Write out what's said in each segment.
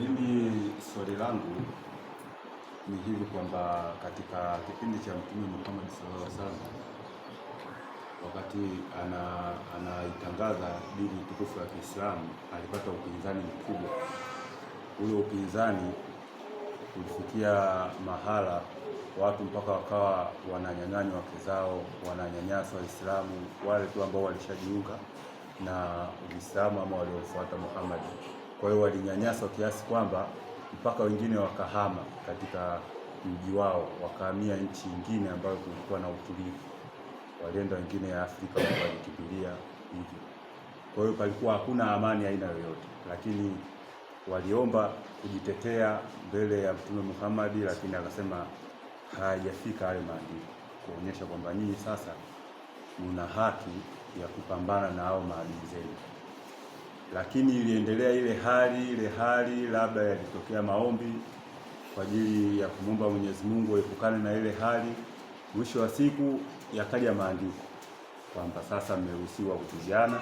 Mimi swali langu ni hivi kwamba katika kipindi cha Mtume Muhammad sallallahu alaihi wasallam wakati anaitangaza ana dini tukufu ya Kiislamu alipata upinzani mkubwa. Huyo upinzani ulifikia mahala watu mpaka wakawa wananyang'anywa wake zao, wananyanyasa Waislamu wale tu ambao walishajiunga na Uislamu ama waliofuata Muhammad kwa hiyo walinyanyaswa kiasi kwamba mpaka wengine wakahama katika mji wao, wakahamia nchi nyingine ambayo kulikuwa na utulivu, walienda wengine ya Afrika walikimbilia hivyo. Kwa hiyo palikuwa hakuna amani aina yoyote, lakini waliomba kujitetea mbele ya Mtume Muhammad, lakini akasema hayajafika hayo maandiko, kuonyesha kwamba nyinyi sasa mna haki ya kupambana na hao maadili zenu lakini iliendelea ile hali ile hali, labda yalitokea maombi kwa ajili ya kumwomba Mwenyezi Mungu aepukane na ile hali. Mwisho wa siku yakaja maandiko kwamba sasa mmeruhusiwa kupigana,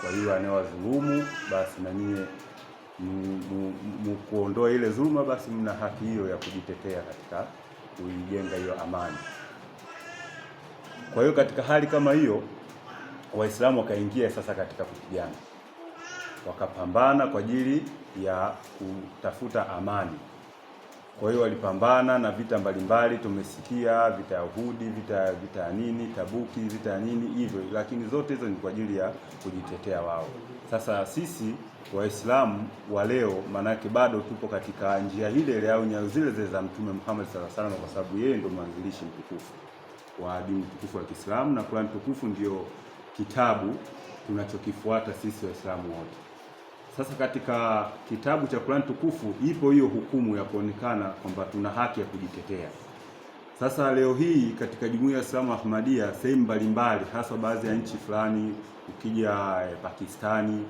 kwa hiyo anayewazulumu basi na nyie mkuondoa ile dhuluma, basi mna haki hiyo ya kujitetea katika kuijenga hiyo amani. Kwa hiyo katika hali kama hiyo Waislamu wakaingia sasa katika kupigana wakapambana kwa ajili ya kutafuta amani. Kwa hiyo walipambana na vita mbalimbali, tumesikia vita ya Uhudi, vita vita ya nini Tabuki, vita ya nini hivyo, lakini zote hizo ni kwa ajili ya kujitetea wao. Sasa sisi Waislamu wa leo, maanake bado tupo katika njia ile ile au nyayo zile zile za Mtume Muhammad sallallahu alaihi wasallam, kwa sababu yeye ndio mwanzilishi mtukufu wa dini tukufu ya Kiislamu, na Qur'an tukufu ndio kitabu tunachokifuata sisi Waislamu wote. Sasa katika kitabu cha Qur'an tukufu ipo hiyo hukumu ya kuonekana kwamba tuna haki ya kujitetea. Sasa leo hii katika jumuiya ya Islamu Ahmadiyya sehemu mbalimbali, hasa baadhi ya nchi fulani, ukija eh, Pakistani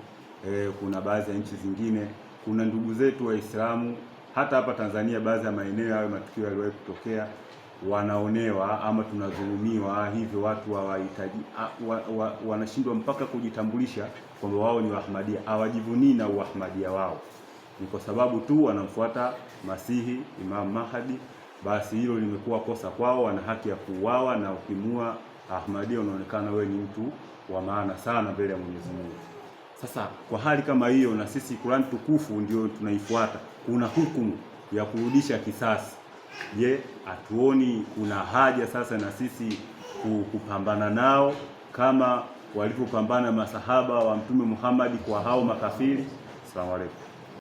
eh, kuna baadhi ya nchi zingine, kuna ndugu zetu Waislamu hata hapa Tanzania, baadhi ya maeneo hayo matukio yaliwahi kutokea wanaonewa ama tunadhulumiwa, hivyo watu hawahitaji wa, wa, wa, wanashindwa mpaka kujitambulisha kwamba wao ni Waahmadia, hawajivunii na uahmadia wao, ni kwa sababu tu wanamfuata Masihi Imam Mahdi. Basi hilo limekuwa kosa kwao, wana haki ya kuuawa, na ukimua Ahmadia unaonekana wewe ni mtu wa maana sana mbele ya Mwenyezi Mungu. Sasa kwa hali kama hiyo, na sisi Qur'an tukufu ndio tunaifuata, kuna hukumu ya kurudisha kisasi Je, hatuoni kuna haja sasa na sisi kupambana nao kama walivyopambana masahaba wa Mtume Muhammad kwa hao makafiri? Asalamu alaykum.